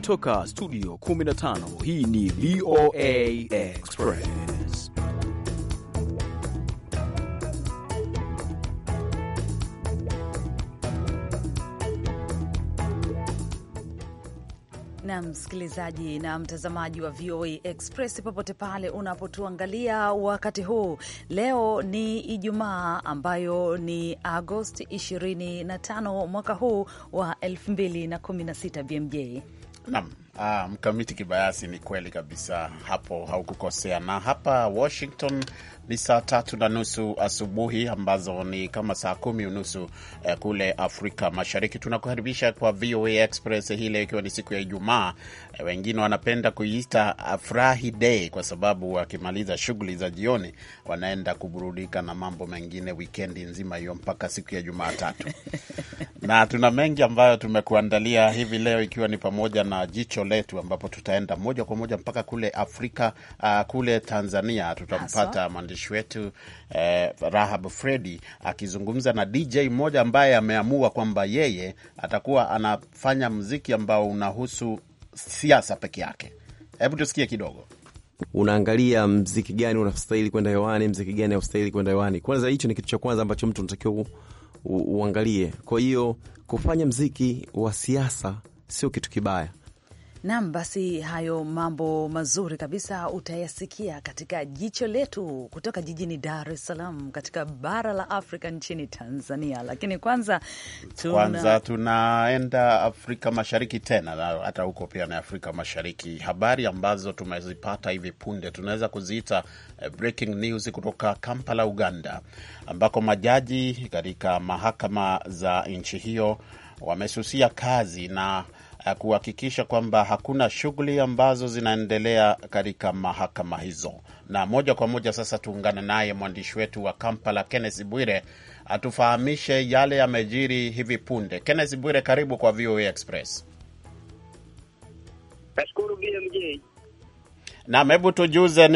kutoka studio 15 hii ni VOA Express. na msikilizaji na mtazamaji wa VOA Express popote pale unapotuangalia wakati huu, leo ni Ijumaa ambayo ni Agosti 25 mwaka huu wa 2016 BMJ Nam Ah, mkamiti kibayasi, ni kweli kabisa hapo, haukukosea. Na hapa Washington ni saa tatu na nusu asubuhi ambazo ni kama saa kumi unusu eh, kule Afrika Mashariki. Tunakukaribisha kwa VOA Express hii leo, ikiwa ni siku ya Ijumaa. Eh, wengine wanapenda kuiita ah, Furahi Day kwa sababu wakimaliza shughuli za jioni wanaenda kuburudika na mambo mengine wikendi nzima hiyo mpaka siku ya Jumatatu na tuna mengi ambayo tumekuandalia hivi leo, ikiwa ni pamoja na jicho letu, ambapo tutaenda moja kwa moja mpaka kule Afrika uh, kule Tanzania tutampata mwandishi mwandishi wetu eh, Rahab Fredi akizungumza na DJ mmoja ambaye ameamua kwamba yeye atakuwa anafanya mziki ambao unahusu siasa peke yake. Hebu tusikie kidogo. Unaangalia mziki gani unastahili kwenda hewani, mziki gani haustahili kwenda hewani. Kwanza hicho ni kitu cha kwanza ambacho mtu unatakiwa uangalie. Kwa hiyo kufanya mziki wa siasa sio kitu kibaya, Nam, basi hayo mambo mazuri kabisa utayasikia katika jicho letu kutoka jijini Dar es Salaam katika bara la Afrika nchini Tanzania. Lakini kwanza tuna... kwanza tunaenda Afrika Mashariki tena na hata huko pia na Afrika Mashariki, habari ambazo tumezipata hivi punde tunaweza kuziita eh, breaking news kutoka Kampala, Uganda, ambako majaji katika mahakama za nchi hiyo wamesusia kazi na Eh, kuhakikisha kwamba hakuna shughuli ambazo zinaendelea katika mahakama hizo. Na moja kwa moja sasa tuungane naye mwandishi wetu wa Kampala, Kenneth Bwire, atufahamishe yale yamejiri hivi punde. Kenneth Bwire, karibu kwa VOA Express. Nashukuru BMJ. Naam, hebu tujuze,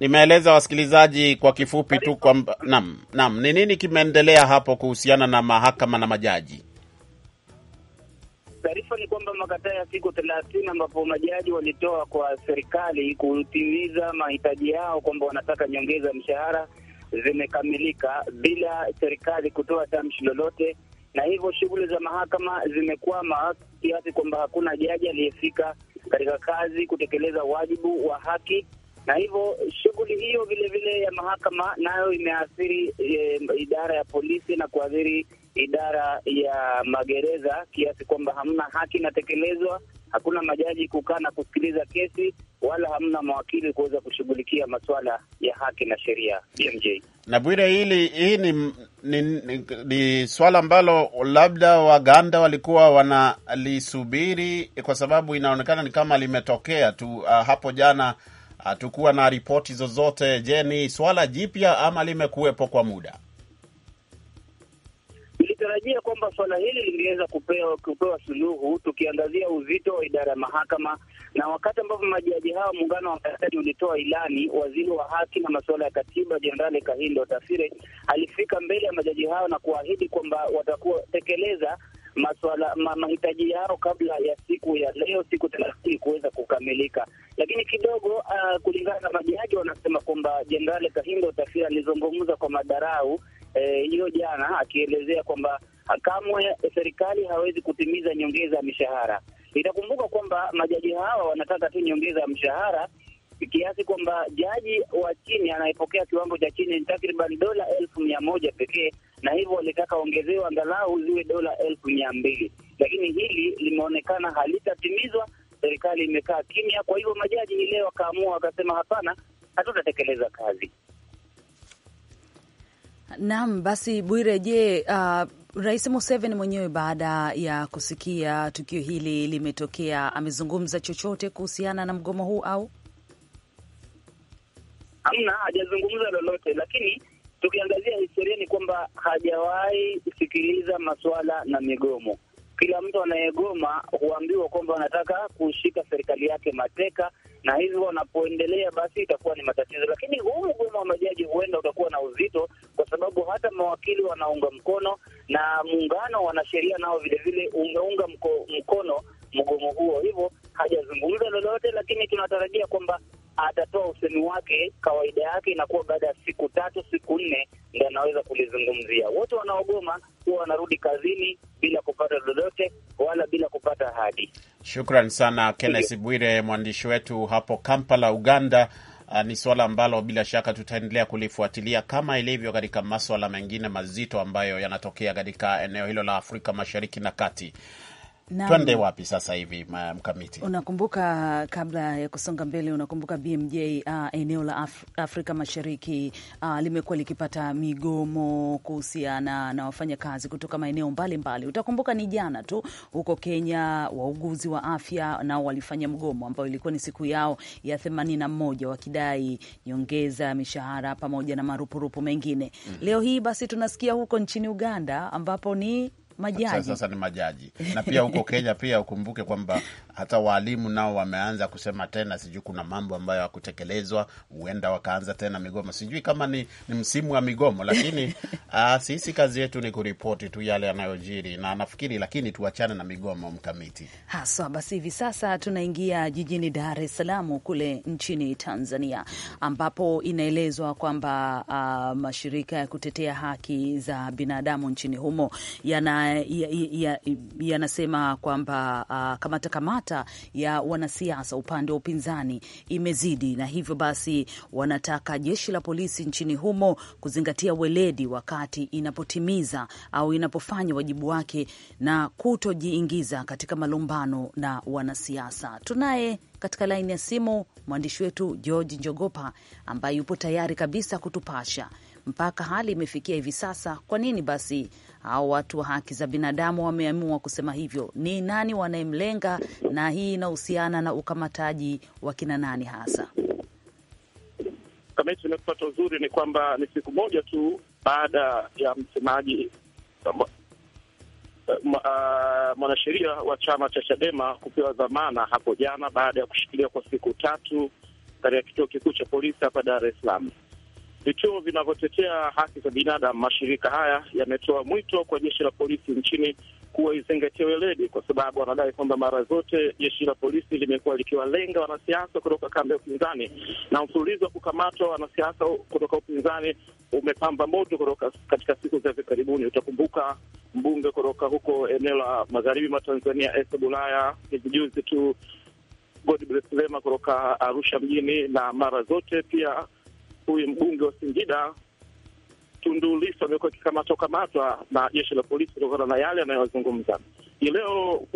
nimeeleza wasikilizaji kwa kifupi tu kwamba naam, naam, ni nini kimeendelea hapo kuhusiana na mahakama na majaji? Taarifa ni kwamba makataa ya siku thelathini ambapo majaji walitoa kwa serikali kutimiza mahitaji yao kwamba wanataka nyongeza mshahara zimekamilika bila serikali kutoa tamshi lolote, na hivyo shughuli za mahakama zimekwama kiasi kwamba hakuna jaji aliyefika katika kazi kutekeleza wajibu wa haki, na hivyo shughuli hiyo vilevile ya mahakama nayo imeathiri e, idara ya polisi na kuathiri idara ya magereza kiasi kwamba hamna haki inatekelezwa, hakuna majaji kukaa na kusikiliza kesi wala hamna mawakili kuweza kushughulikia masuala ya haki na sheria. BMJ na Bwire, hili hii ni, ni, ni, ni swala ambalo labda Waganda walikuwa wanalisubiri kwa sababu inaonekana ni kama limetokea tu uh, hapo jana ah, hatukuwa uh, na ripoti zozote. Je, ni swala jipya ama limekuwepo kwa muda? tulitarajia kwamba suala hili lingeweza kupewa, kupewa suluhu tukiangazia uzito wa idara ya mahakama, na wakati ambapo majaji hao muungano wa majaji ulitoa ilani, waziri wa haki na masuala ya katiba Jenerali Kahindo Tafire alifika mbele ya majaji hao na kuahidi kwamba watakutekeleza tekeleza maswala ma, mahitaji yao kabla ya siku ya leo siku thelathini kuweza kukamilika. Lakini kidogo uh, kulingana na majaji wanasema kwamba Jenerali Kahindo Tafira alizungumza kwa madarau E, hiyo e, jana akielezea kwamba kamwe serikali hawezi kutimiza nyongeza ya mishahara. Itakumbuka kwamba majaji hawa wanataka tu nyongeza ya mshahara kiasi kwamba jaji wa chini anayepokea kiwango cha chini ni takriban dola elfu mia moja pekee, na hivyo walitaka ongezewe angalau ziwe dola elfu mia mbili lakini hili limeonekana halitatimizwa. Serikali imekaa kimya. Kwa hivyo majaji hii leo wakaamua wakasema, hapana, hatutatekeleza kazi. Naam, basi Bwire, je, uh, Rais Museveni mwenyewe baada ya kusikia tukio hili limetokea, amezungumza chochote kuhusiana na mgomo huu au hamna? Hajazungumza lolote, lakini tukiangazia historia ni kwamba hajawahi kusikiliza masuala na migomo. Kila mtu anayegoma huambiwa kwamba anataka kushika serikali yake mateka na hivyo wanapoendelea, basi itakuwa ni matatizo. Lakini huu mgomo wa majaji huenda utakuwa na uzito, kwa sababu hata mawakili wanaunga mkono na muungano wanasheria nao vilevile umeunga mko, mkono mgomo huo. Hivyo hajazungumza lolote, lakini tunatarajia kwamba atatoa usemi wake. Kawaida yake inakuwa baada ya siku tatu, siku nne ndo anaweza kulizungumzia. Wote wanaogoma huwa wanarudi kazini bila kupata lolote wala bila kupata ahadi. Shukran sana Kenneth Bwire, mwandishi wetu hapo Kampala, Uganda. Uh, ni suala ambalo bila shaka tutaendelea kulifuatilia kama ilivyo katika maswala mengine mazito ambayo yanatokea katika eneo hilo la Afrika Mashariki na Kati twende wapi sasa hivi mkamiti? Unakumbuka, kabla ya kusonga mbele, unakumbuka BMJ, uh, ah, eneo la Af Afrika Mashariki uh, limekuwa likipata migomo kuhusiana na wafanyakazi kutoka maeneo mbalimbali. Utakumbuka ni jana tu huko Kenya, wauguzi wa afya nao walifanya mgomo ambao ilikuwa ni siku yao ya themanini na moja wakidai nyongeza mishahara pamoja na marupurupu mengine. mm -hmm. Leo hii basi tunasikia huko nchini Uganda ambapo ni majaji. Sasa, sasa ni majaji na pia huko Kenya pia ukumbuke kwamba hata waalimu nao wameanza kusema tena, sijui kuna mambo ambayo hakutekelezwa, huenda wakaanza tena migomo. Sijui kama ni, ni msimu wa migomo, lakini uh, sisi kazi yetu ni kuripoti tu yale yanayojiri, na nafikiri lakini tuachane na migomo mkamiti haswa. Basi hivi sasa tunaingia jijini Dar es Salaam kule nchini Tanzania, ambapo inaelezwa kwamba uh, mashirika ya kutetea haki za binadamu nchini humo yanasema ya, ya, ya kwamba uh, kamata kamata hata ya wanasiasa upande wa upinzani imezidi, na hivyo basi wanataka jeshi la polisi nchini humo kuzingatia weledi wakati inapotimiza au inapofanya wajibu wake na kutojiingiza katika malumbano na wanasiasa. Tunaye katika laini ya simu mwandishi wetu George Njogopa ambaye yupo tayari kabisa kutupasha mpaka hali imefikia hivi sasa, kwa nini basi au watu wa haki za binadamu wameamua kusema hivyo, ni nani wanayemlenga na hii inahusiana na ukamataji wa kina nani hasa? Kamiti, imekupata uzuri. Ni kwamba ni siku moja tu baada ya msemaji eh, ah, mwanasheria wa chama cha Chadema kupewa dhamana hapo jana baada ya kushikilia kwa siku tatu katika kituo kikuu cha polisi hapa Dar es Salaam vituo vinavyotetea haki za binadamu, mashirika haya yametoa mwito kwa jeshi la polisi nchini kuwa izingatia weledi, kwa sababu wanadai kwamba mara zote jeshi la polisi limekuwa likiwalenga wanasiasa kutoka kambi ya upinzani, na mfululizo wa kukamatwa wanasiasa kutoka upinzani umepamba moto kutoka katika siku za hivi karibuni. Utakumbuka mbunge kutoka huko eneo la magharibi mwa Tanzania, Esther Bulaya, hivi juzi tu Godbless Lema kutoka Arusha mjini, na mara zote pia huyu mbunge wa Singida Tundu Lissu amekuwa akikamatwa kamatwa na jeshi la polisi kutokana na yale anayozungumza. Hii leo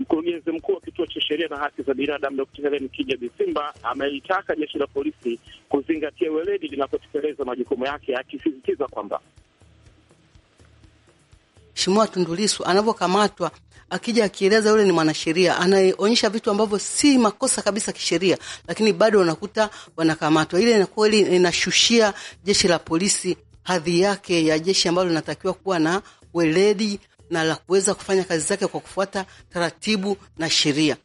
mkurugenzi mkuu wa kituo cha sheria na haki za binadamu Dkt. Helen Kija Bisimba ameitaka jeshi la polisi kuzingatia weledi linapotekeleza majukumu yake, akisisitiza kwamba Mheshimiwa Tundu Lissu anavyokamatwa akija akieleza yule ni mwanasheria anaonyesha vitu ambavyo si makosa kabisa kisheria, lakini bado wanakuta wanakamatwa. Ile kweli inashushia jeshi la polisi hadhi yake ya jeshi ambalo linatakiwa kuwa na weledi na la kuweza kufanya kazi zake kwa kufuata taratibu na sheria.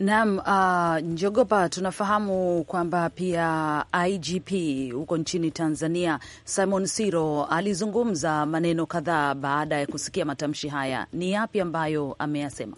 Naam, uh, Njogopa, tunafahamu kwamba pia IGP huko nchini Tanzania Simon Siro alizungumza maneno kadhaa baada ya kusikia matamshi haya. Ni yapi ambayo ameyasema?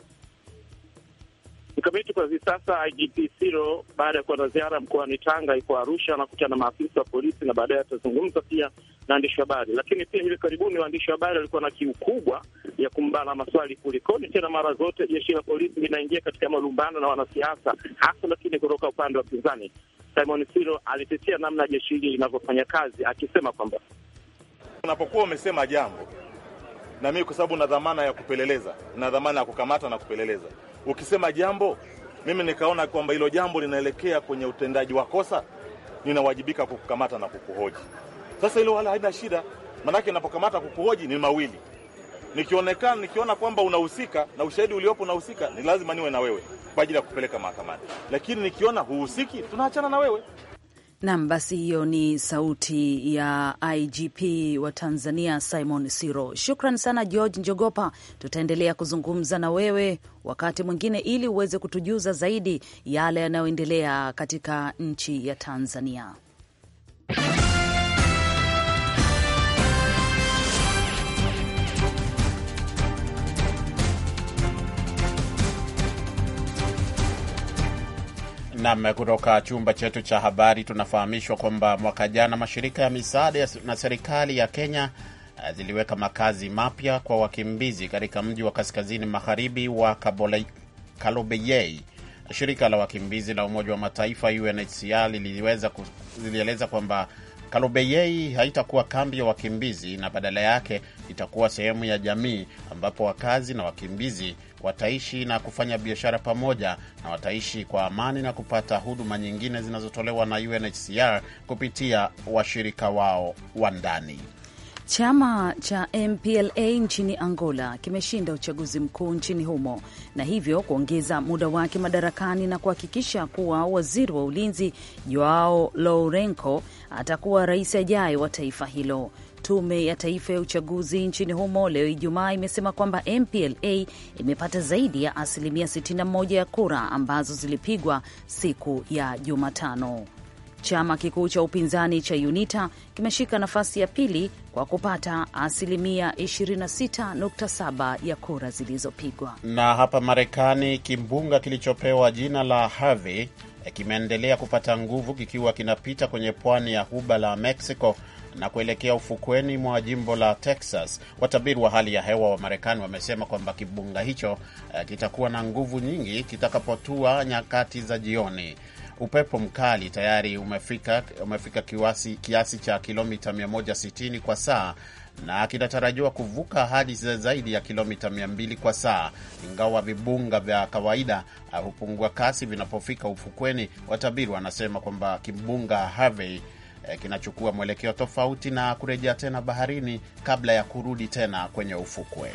Mkamiti kwa hivi sasa IGP Siro, baada ya kuwa na ziara mkoani Tanga, iko Arusha, anakutana na maafisa wa polisi na baadaye atazungumza pia na waandishi wa habari. Lakini pia hivi karibuni waandishi wa habari walikuwa na kiu kubwa ya kumbana maswali, kulikoni tena mara zote jeshi la polisi linaingia katika malumbano na wanasiasa hasa, lakini kutoka upande wa pinzani. Simon Siro alitetea namna jeshi hili linavyofanya kazi, akisema kwamba unapokuwa umesema jambo na mimi, kwa sababu na dhamana ya kupeleleza na dhamana ya kukamata na kupeleleza ukisema jambo mimi nikaona kwamba hilo jambo linaelekea kwenye utendaji wa kosa, ninawajibika kukukamata na kukuhoji. Sasa hilo wala haina shida, maanake napokamata kukuhoji ni mawili. Nikionekana, nikiona kwamba unahusika na ushahidi uliopo unahusika, ni lazima niwe na wewe kwa ajili ya kupeleka mahakamani, lakini nikiona huhusiki, tunaachana na wewe. Nam, basi hiyo ni sauti ya IGP wa Tanzania Simon Siro. Shukran sana George Njogopa, tutaendelea kuzungumza na wewe wakati mwingine ili uweze kutujuza zaidi yale yanayoendelea katika nchi ya Tanzania. Nam, kutoka chumba chetu cha habari tunafahamishwa kwamba mwaka jana mashirika ya misaada na serikali ya Kenya eh, ziliweka makazi mapya kwa wakimbizi katika mji wa kaskazini magharibi wa Kalobeyei. Shirika la wakimbizi la Umoja wa Mataifa UNHCR lilieleza kwamba Kalobeyei haitakuwa kambi ya wakimbizi na badala yake itakuwa sehemu ya jamii ambapo wakazi na wakimbizi wataishi na kufanya biashara pamoja na wataishi kwa amani na kupata huduma nyingine zinazotolewa na UNHCR kupitia washirika wao wa ndani. Chama cha MPLA nchini Angola kimeshinda uchaguzi mkuu nchini humo na hivyo kuongeza muda wake madarakani na kuhakikisha kuwa waziri wa ulinzi Joao Lourenco atakuwa rais ajaye wa taifa hilo. Tume ya Taifa ya Uchaguzi nchini humo leo Ijumaa imesema kwamba MPLA imepata zaidi ya asilimia 61 ya kura ambazo zilipigwa siku ya Jumatano. Chama kikuu cha upinzani cha UNITA kimeshika nafasi ya pili kwa kupata asilimia 26.7 ya kura zilizopigwa. Na hapa Marekani, kimbunga kilichopewa jina la Harvey eh, kimeendelea kupata nguvu kikiwa kinapita kwenye pwani ya huba la Mexico na kuelekea ufukweni mwa jimbo la Texas. Watabiri wa hali ya hewa wa Marekani wamesema kwamba kibunga hicho uh, kitakuwa na nguvu nyingi kitakapotua nyakati za jioni. Upepo mkali tayari umefika, umefika kiwasi, kiasi cha kilomita 160 kwa saa na kinatarajiwa kuvuka hadi zaidi ya kilomita 200 kwa saa, ingawa vibunga vya kawaida eh, hupungua kasi vinapofika ufukweni. Watabiri wanasema kwamba kibunga Harvey Eh, kinachukua mwelekeo tofauti na kurejea tena baharini kabla ya kurudi tena kwenye ufukwe.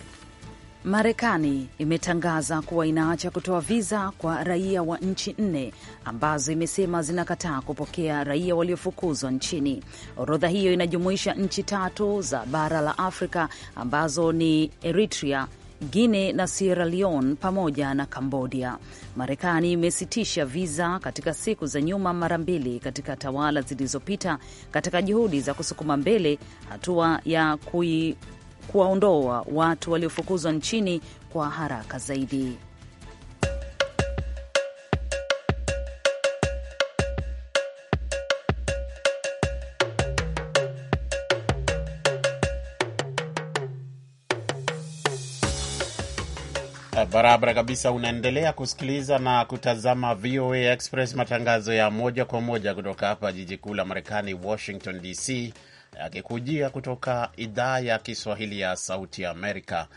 Marekani imetangaza kuwa inaacha kutoa viza kwa raia wa nchi nne ambazo imesema zinakataa kupokea raia waliofukuzwa nchini. Orodha hiyo inajumuisha nchi tatu za bara la Afrika ambazo ni Eritrea, Guine na Sierra Leone pamoja na Cambodia. Marekani imesitisha viza katika siku za nyuma mara mbili katika tawala zilizopita katika juhudi za kusukuma mbele hatua ya kuwaondoa watu waliofukuzwa nchini kwa haraka zaidi. barabara kabisa. Unaendelea kusikiliza na kutazama VOA Express, matangazo ya moja kwa moja kutoka hapa jiji kuu la Marekani, Washington DC, yakikujia kutoka idhaa ya Kiswahili ya Sauti ya Amerika.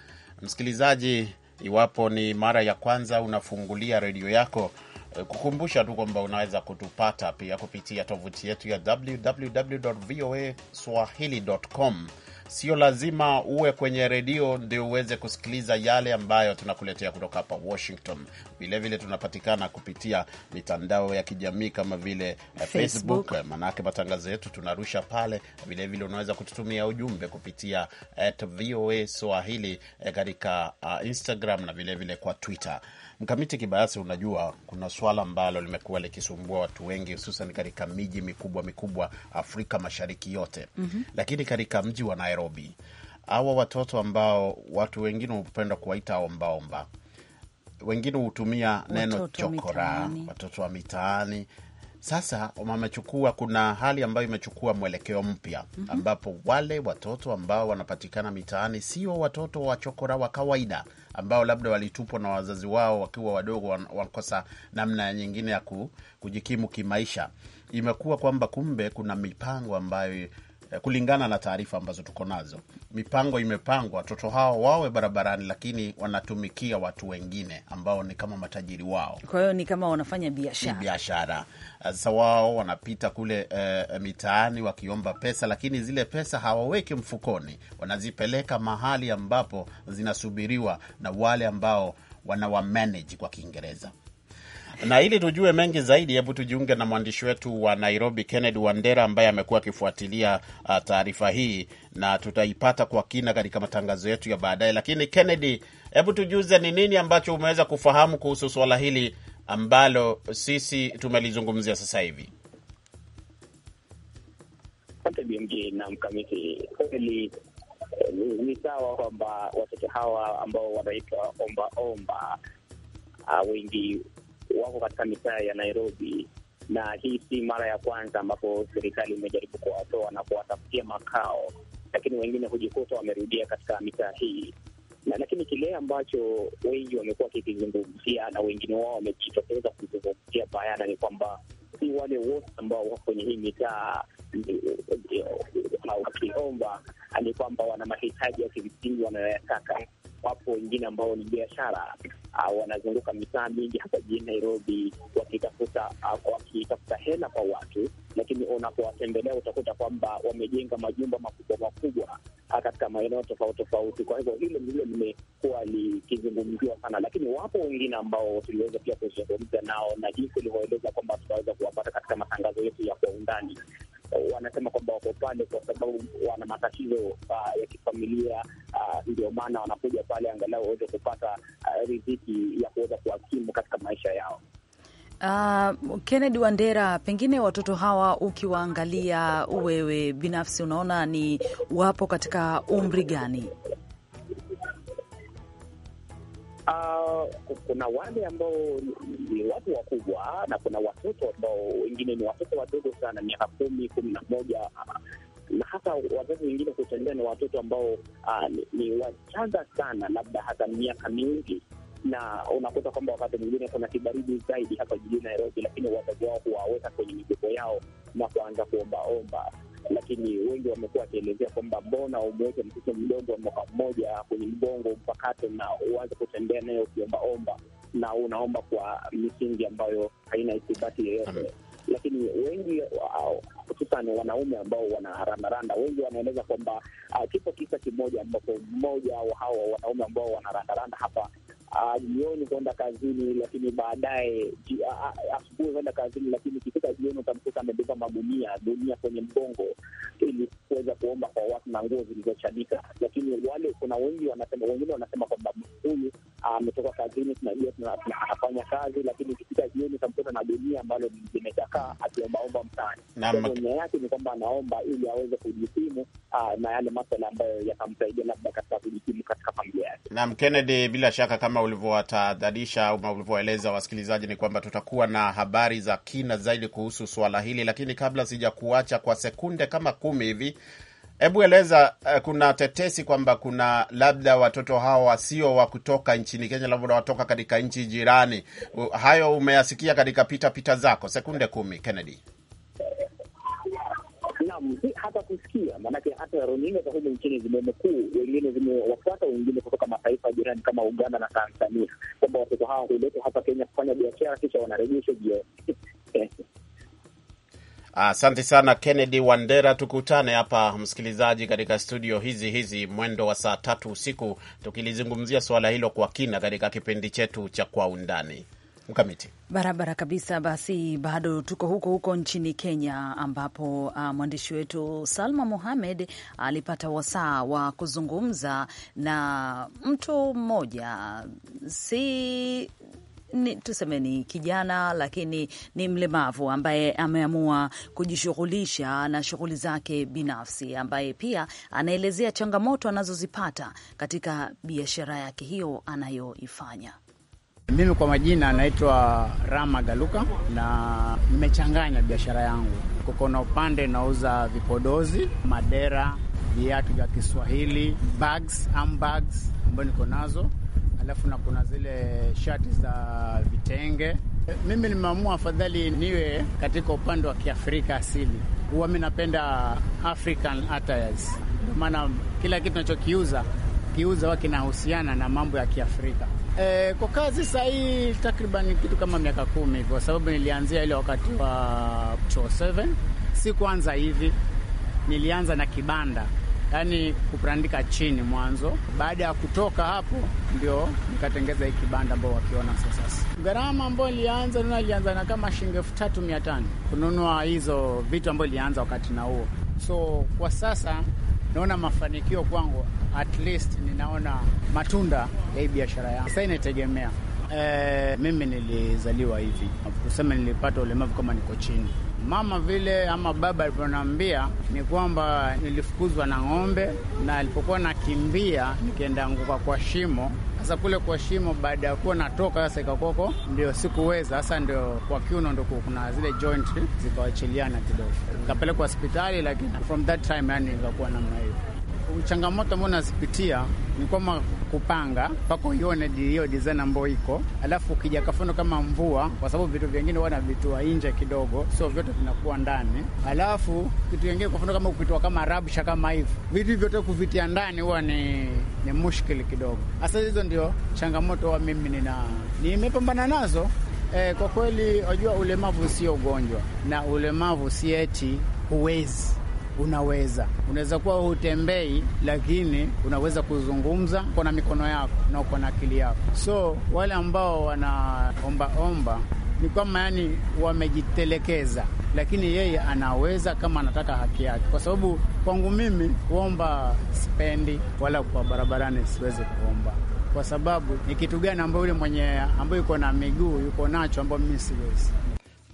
Msikilizaji, iwapo ni mara ya kwanza unafungulia redio yako, eh, kukumbusha tu kwamba unaweza kutupata pia kupitia tovuti yetu ya www voa swahili.com sio lazima uwe kwenye redio ndio uweze kusikiliza yale ambayo tunakuletea kutoka hapa Washington. Vilevile tunapatikana kupitia mitandao ya kijamii kama vile eh, Facebook, manaake matangazo yetu tunarusha pale. Vilevile unaweza kututumia ujumbe kupitia VOA Swahili eh, katika ah, Instagram na vilevile vile kwa Twitter. Mkamiti Kibayasi, unajua kuna swala ambalo limekuwa likisumbua watu wengi, hususan katika miji mikubwa mikubwa Afrika Mashariki yote mm -hmm. Lakini katika mji wa Nairobi hawa watoto ambao watu wengine hupenda kuwaita ombaomba, wengine hutumia neno chokora, watoto wa mitaani sasa wamechukua, kuna hali ambayo imechukua mwelekeo mpya mm -hmm. ambapo wale watoto ambao wanapatikana mitaani sio watoto wa chokora wa kawaida, ambao labda walitupwa na wazazi wao wakiwa wadogo, wanakosa namna nyingine ya kujikimu kimaisha. Imekuwa kwamba kumbe kuna mipango ambayo Eh, kulingana na taarifa ambazo tuko nazo, mipango imepangwa watoto hao wawe barabarani, lakini wanatumikia watu wengine ambao ni kama matajiri wao. Kwa hiyo ni kama wanafanya biashara biashara. Eh, sasa wao wanapita kule uh, mitaani wakiomba pesa, lakini zile pesa hawaweki mfukoni, wanazipeleka mahali ambapo zinasubiriwa na wale ambao wanawamanage kwa Kiingereza na ili tujue mengi zaidi, hebu tujiunge na mwandishi wetu wa Nairobi, Kennedy Wandera, ambaye amekuwa akifuatilia uh, taarifa hii na tutaipata kwa kina katika matangazo yetu ya baadaye. Lakini Kennedy, hebu tujuze ni nini ambacho umeweza kufahamu kuhusu suala hili ambalo sisi tumelizungumzia sasa hivi. Na mkamiti kweli eh, ni sawa kwamba watoto hawa ambao wanaitwa omba omba, ah, wengi wako katika mitaa ya Nairobi, na hii si mara ya kwanza ambapo serikali imejaribu kuwatoa na kuwatafutia makao, lakini wengine hujikuta wamerudia katika mitaa hii na, lakini kile ambacho wengi wamekuwa wakikizungumzia na wengine wao wamejitokeza kuzungumzia bayana ni kwamba si wale wote ambao wako kwenye hii mitaa wakiomba, ni kwamba wana mahitaji ya kimsingi wanayoyataka wapo wengine ambao ni biashara uh, wanazunguka mitaa mingi hapa jijini Nairobi wakitafuta uh, wakitafuta hela kwa watu, lakini unapowatembelea utakuta kwamba wamejenga majumba makubwa makubwa ah, katika maeneo tofauti tofauti. Kwa hivyo hilo ndilo limekuwa likizungumziwa sana, lakini wapo wengine ambao tuliweza pia kuzungumza nao na jinsi ulivyoeleza kwamba tutaweza kuwapata katika matangazo yetu ya kwa undani Eh, wanasema kwamba wako pale kwa sababu wana matatizo uh, ya kifamilia uh, ndio maana wanakuja pale angalau waweze kupata uh, riziki ya kuweza kuhakimu katika maisha yao. Uh, Kennedy Wandera, pengine watoto hawa ukiwaangalia wewe binafsi unaona ni wapo katika umri gani? Uh, kuna wale ambao ni watu wakubwa na kuna watoto ambao wengine ni watoto wadogo sana, miaka kumi, kumi na moja na hata wazazi wengine kutembea na watoto ambao uh, ni, ni wachanga sana, labda hata miaka mingi, na unakuta kwamba wakati mwingine kuna kibaridi zaidi hapa jijini Nairobi, lakini wazazi wao huwaweka kwenye migogo yao na kuanza kuombaomba lakini wengi wamekuwa wakielezea kwamba mbona umeweke mtoto mdogo wa mwaka mmoja kwenye mgongo mpakato na uanze kutembea naye ukiombaomba na unaomba kwa misingi ambayo haina ithibati yoyote lakini wengi uh, hususan wanaume ambao wanarandaranda, wengi wanaeleza kwamba uh, kipo kisa kimoja ambapo mmoja wa hawa wanaume ambao wanarandaranda hapa Ah, jioni kwenda kazini, lakini baadaye ah, ah, asubuhi kwenda kazini, lakini ikifika jioni utamkuta amebeba magunia gunia kwenye mgongo ili kuweza kuomba kwa watu na nguo zilizochanika. Lakini wale kuna wengi wanasema, wengine wanasema kwamba huyu ametoka kazini, tunajua anafanya kazi, lakini ikifika jioni utamkuta na gunia ambalo limechakaa akiombaomba mtaani. nia yake ni kwamba anaomba ili aweze kujikimu na yale maswala ambayo yatamsaidia labda katika kujikimu katika familia yake. Naam, Kennedy, bila shaka kama kama ulivyowatahadharisha au ulivyoeleza wasikilizaji, ni kwamba tutakuwa na habari za kina zaidi kuhusu swala hili, lakini kabla sija kuacha kwa sekunde kama kumi hivi, hebu eleza, eh, kuna tetesi kwamba kuna labda watoto hawa wasio wa kutoka nchini Kenya, labda watoka katika nchi jirani. Hayo umeyasikia katika pitapita pita zako? Sekunde kumi, Kennedy hata kusikia, maanake hata runinga za humu nchini zimemekuu, wengine zimewafuata wengine kutoka mataifa jirani kama Uganda na Tanzania, kwamba watoto hawa huletwa hapa Kenya kufanya biashara kisha wanarejeshwa jioni. Asante sana Kennedy Wandera, tukutane hapa msikilizaji, katika studio hizi hizi mwendo wa saa tatu usiku tukilizungumzia suala hilo kwa kina katika kipindi chetu cha Kwa Undani. Mkamiti barabara kabisa. Basi bado tuko huko huko nchini Kenya, ambapo uh, mwandishi wetu Salma Mohamed alipata wasaa wa kuzungumza na mtu mmoja si ni, tuseme ni kijana lakini ni mlemavu ambaye ameamua kujishughulisha na shughuli zake binafsi, ambaye pia anaelezea changamoto anazozipata katika biashara yake hiyo anayoifanya. Mimi kwa majina naitwa Rama Galuka na nimechanganya biashara yangu. Kukona upande nauza vipodozi, madera, viatu vya Kiswahili, bags, handbags ambayo niko nazo, alafu na kuna zile shati za vitenge. Mimi nimeamua afadhali niwe katika upande wa Kiafrika asili. Huwa mi napenda African attires, ndio maana kila kitu nachokiuza kiuza wa kinahusiana na mambo ya Kiafrika. E, kwa kazi saa hii takriban kitu kama miaka kumi, kwa sababu nilianzia ile wakati wa cho 7 si kwanza hivi. Nilianza na kibanda, yaani kuprandika chini mwanzo. Baada ya kutoka hapo, ndio nikatengeza hii kibanda ambao wakiona sasa. Gharama ambayo ilianza nuna nilianza na kama shilingi elfu tatu mia tano kununua hizo vitu ambayo ilianza wakati na huo, so kwa sasa naona mafanikio kwangu, at least ninaona matunda ya hii biashara yangu. Sasa inategemea e, mimi nilizaliwa hivi, kusema nilipata ulemavu kama niko chini mama vile ama baba alivyoniambia ni kwamba nilifukuzwa na ng'ombe, na alipokuwa nakimbia nikienda anguka kwa shimo, sasa kule kwa shimo, baada ya kuwa natoka sasa, ikakoko ndio sikuweza sasa, ndio kwa kiuno ndo kuna zile joint zikawachiliana kidogo, nikapelekwa hospitali, lakini from that time, yani ikakuwa namna hiyo changamoto ambayo nazipitia ni kwamba kupanga mpaka uione hiyo design ambayo iko, alafu ukija kafuno kama mvua, kwa sababu vitu vingine huwa navitua nje kidogo, sio vyote vinakuwa ndani. Alafu kitu kingine kafuno kama ukitoa kama rabsha kama hivo vitu vyote kuvitia ndani huwa ni, ni mushkili kidogo. Hasa hizo ndio changamoto wa mimi nina nimepambana nazo. E, kwa kweli wajua, ulemavu sio ugonjwa na ulemavu si eti huwezi unaweza unaweza kuwa hutembei, lakini unaweza kuzungumza, uko na mikono yako na uko na akili yako. So wale ambao wanaombaomba ni kama yani wamejitelekeza, lakini yeye anaweza kama anataka haki yake, kwa sababu kwangu mimi kuomba sipendi, wala kwa barabarani siwezi kuomba kwa sababu ni kitu gani ambayo yule mwenye ambayo yuko na miguu yuko nacho, ambayo mimi siwezi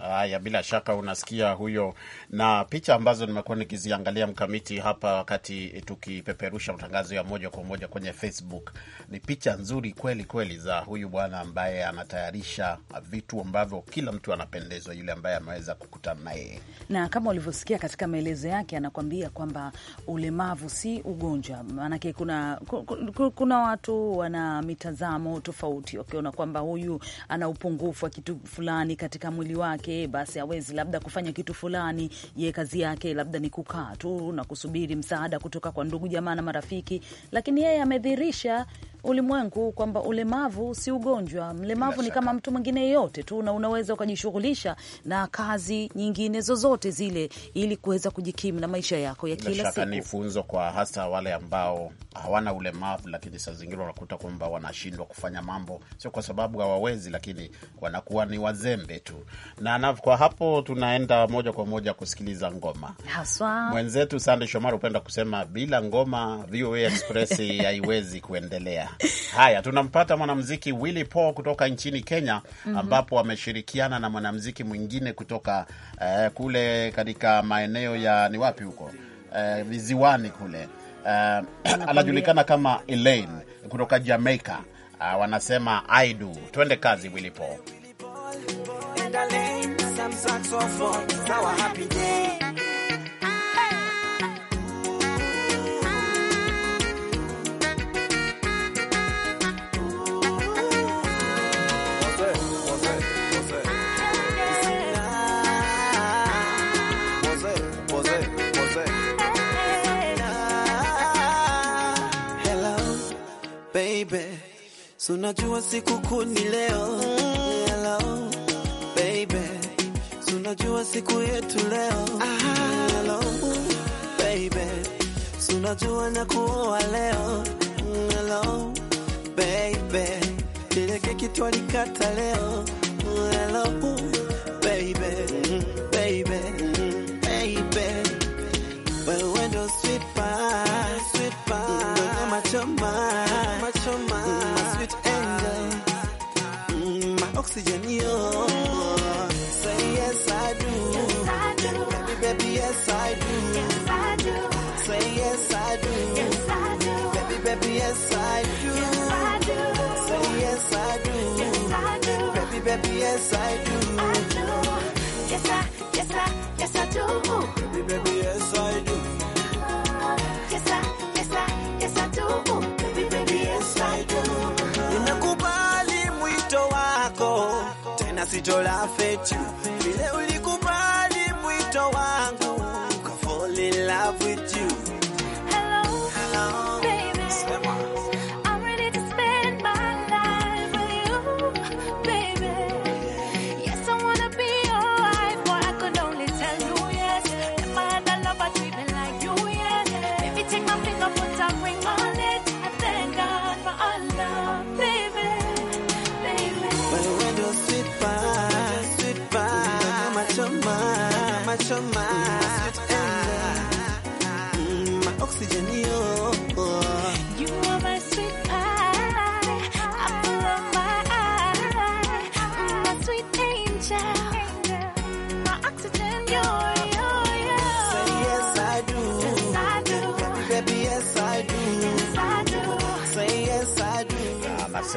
Haya, bila shaka unasikia huyo, na picha ambazo nimekuwa nikiziangalia mkamiti hapa wakati tukipeperusha matangazo ya moja kwa moja kwenye Facebook ni picha nzuri kweli kweli za huyu bwana ambaye anatayarisha vitu ambavyo kila mtu anapendezwa, yule ambaye ameweza kukutana naye. Na kama ulivyosikia katika maelezo yake, anakuambia kwamba ulemavu si ugonjwa, maanake kuna, kuna, kuna watu wana mitazamo tofauti wakiona kwamba huyu ana upungufu wa kitu fulani katika mwili wake yake, basi hawezi labda kufanya kitu fulani. Ye kazi yake labda ni kukaa tu na kusubiri msaada kutoka kwa ndugu, jamaa na marafiki, lakini yeye amedhirisha ulimwengu kwamba ulemavu si ugonjwa. Mlemavu ni kama mtu mwingine yeyote tu, na unaweza ukajishughulisha na kazi nyingine zozote zile ili kuweza kujikimu na maisha yako ya kila siku. Ni funzo kwa hasa wale ambao hawana ulemavu, lakini saa zingine wanakuta kwamba wanashindwa kufanya mambo, sio kwa sababu hawawezi, lakini wanakuwa ni wazembe tu. Na, na kwa hapo tunaenda moja kwa moja kusikiliza ngoma haswa. Mwenzetu Sande Shomari hupenda kusema bila ngoma VOA Express haiwezi kuendelea. Haya, tunampata mwanamziki Willy Paul kutoka nchini Kenya mhm. ambapo ameshirikiana na mwanamziki mwingine kutoka eh, kule katika maeneo ya ni wapi huko eh, viziwani kule eh, anajulikana kama Elaine kutoka Jamaica. Uh, wanasema I do. Twende kazi Willy Paul. Sunajua siku kuni leo Hello, baby. Sunajua siku yetu leo Hello, baby. Sunajua na kuoa leo Hello, baby. Ile keki twalikata leo Hello, baby. Mm. Baby. Mm. Baby. Wewe ndo sweet pie. Sweet pie. Ndo nyama choma yes, you Say yes, I do. Baby, baby, yes, I do. Say yes, I do. Baby, baby, yes, I do. Say yes, I do. Yes, I do. Baby, baby, yes, I do. I do. Yes, I, yes, I, yes, I do. Baby, baby, yes, Jicho la fetu vile uli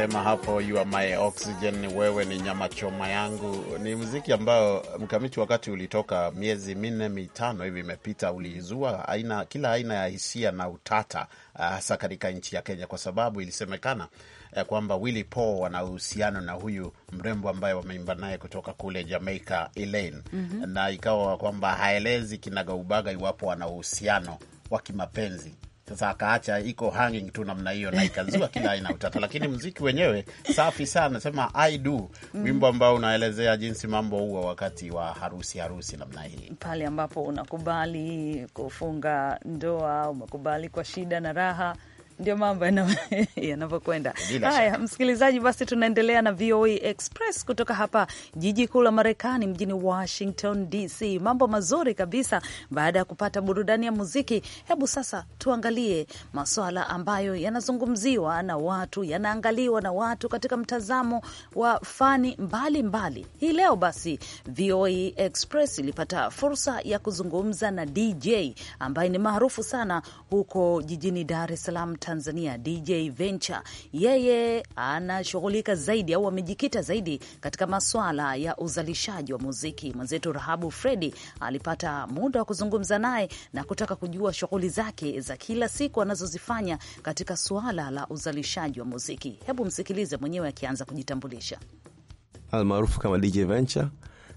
vyema hapo, you are my oxygen, wewe ni nyama choma yangu. Ni muziki ambao mkamiti, wakati ulitoka miezi minne mitano hivi imepita, uliizua aina kila aina ya hisia na utata, ah, hasa katika nchi ya Kenya, kwa sababu ilisemekana eh, kwamba Willy Paul wana uhusiano na huyu mrembo ambaye wameimba naye kutoka kule Jamaica Elaine, mm -hmm. na ikawa kwamba haelezi kinagaubaga iwapo wana uhusiano wa kimapenzi sasa akaacha iko hanging tu namna hiyo na ikazua kila aina utata, lakini mziki wenyewe safi sana. Sema I do mm, wimbo ambao unaelezea jinsi mambo huwa wakati wa harusi, harusi namna hii, pale ambapo unakubali kufunga ndoa, umekubali kwa shida na raha ndio mambo yanavyokwenda. Haya, msikilizaji, basi tunaendelea na VOA Express kutoka hapa jiji kuu la Marekani, mjini Washington DC. Mambo mazuri kabisa. Baada ya kupata burudani ya muziki, hebu sasa tuangalie maswala ambayo yanazungumziwa na watu, yanaangaliwa na watu katika mtazamo wa fani mbalimbali mbali. Hii leo basi VOA Express ilipata fursa ya kuzungumza na DJ ambaye ni maarufu sana huko jijini Dar es Salaam Tanzania DJ Venture, yeye anashughulika zaidi au amejikita zaidi katika maswala ya uzalishaji wa muziki. Mwenzetu Rahabu Fredi alipata muda wa kuzungumza naye na kutaka kujua shughuli zake za kila siku anazozifanya katika suala la uzalishaji wa muziki. Hebu msikilize mwenyewe akianza kujitambulisha. Almaarufu kama DJ Venture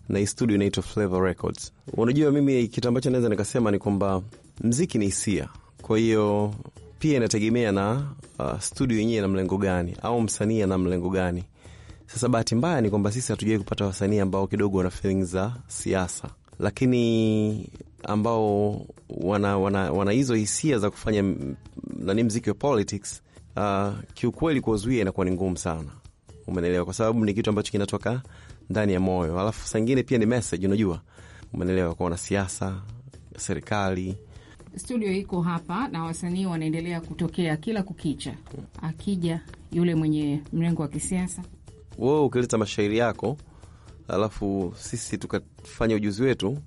na hii studio inaitwa Flavor Records. Unajua, mimi kitu ambacho naweza nikasema ni kwamba mziki ni hisia, kwa hiyo pia inategemea na uh, studio yenyewe na mlengo gani au msanii ana mlengo gani. Sasa bahati mbaya ni kwamba sisi hatujawai kupata wasanii ambao kidogo wana feeling za siasa, lakini ambao wana wana, wana hizo hisia za kufanya nani mziki wa politics uh, kiukweli kuwazuia inakuwa ni ngumu sana, umenelewa, kwa sababu ni kitu ambacho kinatoka ndani ya moyo, alafu saa ingine pia ni message, unajua, umenelewa, kwa wanasiasa, serikali studio iko hapa na wasanii wanaendelea kutokea kila kukicha. Akija yule mwenye mrengo wa kisiasa, wo ukileta mashairi yako alafu sisi tukafanya ujuzi wetu,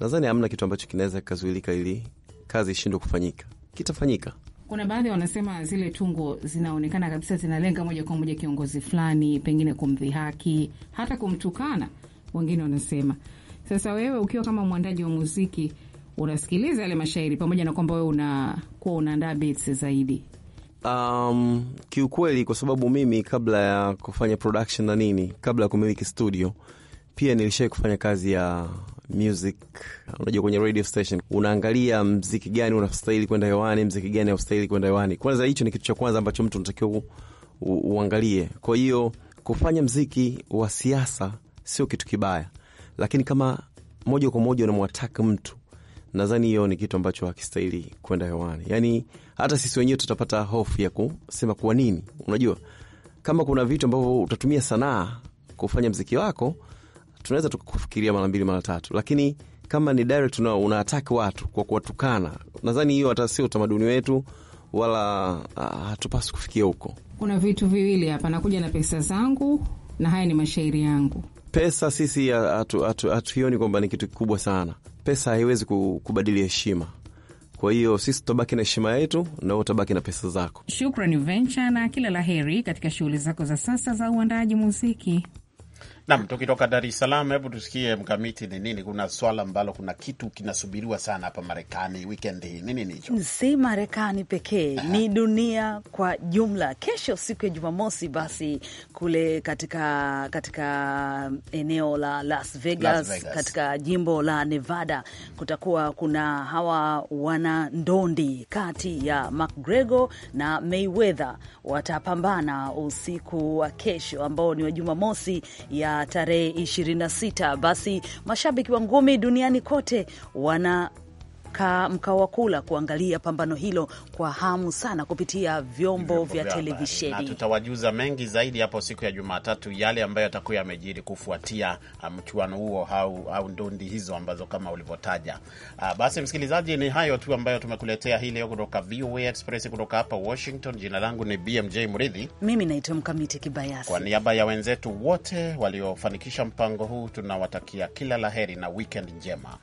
nadhani hamna kitu ambacho kinaweza kikazuilika ili kazi ishindwe kufanyika, kitafanyika. Kuna baadhi wanasema zile tungo zinaonekana kabisa zinalenga moja kwa moja kiongozi fulani, pengine kumdhihaki, hata kumtukana, wengine wanasema. Sasa wewe ukiwa kama mwandaji wa muziki unasikiliza yale mashairi pamoja na kwamba wewe unakuwa unaandaa beats zaidi? Um, kiukweli kwa sababu mimi kabla ya kufanya production na nini, kabla ya kumiliki studio pia nilishai kufanya kazi ya music. Unajua, kwenye radio station unaangalia mziki gani unastahili kwenda hewani, mziki gani haustahili kwenda hewani. Kwanza hicho ni kitu cha kwanza ambacho mtu unatakiwa uangalie. Kwa hiyo kufanya mziki wa siasa sio kitu kibaya, lakini kama moja kwa moja unamwataka mtu nadhani hiyo ni kitu ambacho hakistahili kwenda hewani. Yani hata sisi wenyewe tutapata hofu ya kusema kwa nini. Unajua, kama kuna vitu ambavyo utatumia sanaa kufanya mziki wako, tunaweza tukakufikiria mara mbili mara tatu, lakini kama ni direct una, una unaataki watu kwa kuwatukana, nadhani hiyo hata sio utamaduni wetu wala ah, hatupaswi uh, kufikia huko. Kuna vitu viwili hapa, nakuja na pesa zangu na haya ni mashairi yangu. Pesa sisi hatuioni kwamba ni kitu kikubwa sana pesa haiwezi kubadili heshima. Kwa hiyo sisi tutabaki na heshima yetu na wewe utabaki na pesa zako. Shukrani Venture, na kila la heri katika shughuli zako za sasa za uandaji muziki. Nam, tukitoka Dar es Salaam, hebu tusikie mkamiti ni nini. Kuna swala ambalo kuna kitu kinasubiriwa sana hapa Marekani wikendi hii. Ni nini hicho? Si Marekani pekee, ni dunia kwa jumla. Kesho siku ya Jumamosi, basi kule katika katika eneo la Las Vegas, Las Vegas, katika jimbo la Nevada kutakuwa kuna hawa wana ndondi kati ya McGregor na Mayweather watapambana usiku wa kesho ambao ni wa Jumamosi ya tarehe 26, basi mashabiki wa ngumi duniani kote wana mkawa kula kuangalia pambano hilo kwa hamu sana kupitia vyombo, vyombo vya televisheni. Tutawajuza mengi zaidi hapo siku ya Jumatatu, yale ambayo yatakuwa yamejiri kufuatia um, mchuano huo au, au ndondi hizo ambazo kama ulivyotaja. Uh, basi msikilizaji, ni hayo tu ambayo tumekuletea hii leo kutoka VOA Express kutoka hapa Washington. Jina langu ni BMJ Mridhi, mimi naitwa Mkamiti Kibayasi. Kwa niaba ya wenzetu wote waliofanikisha mpango huu tunawatakia kila laheri na wikendi njema.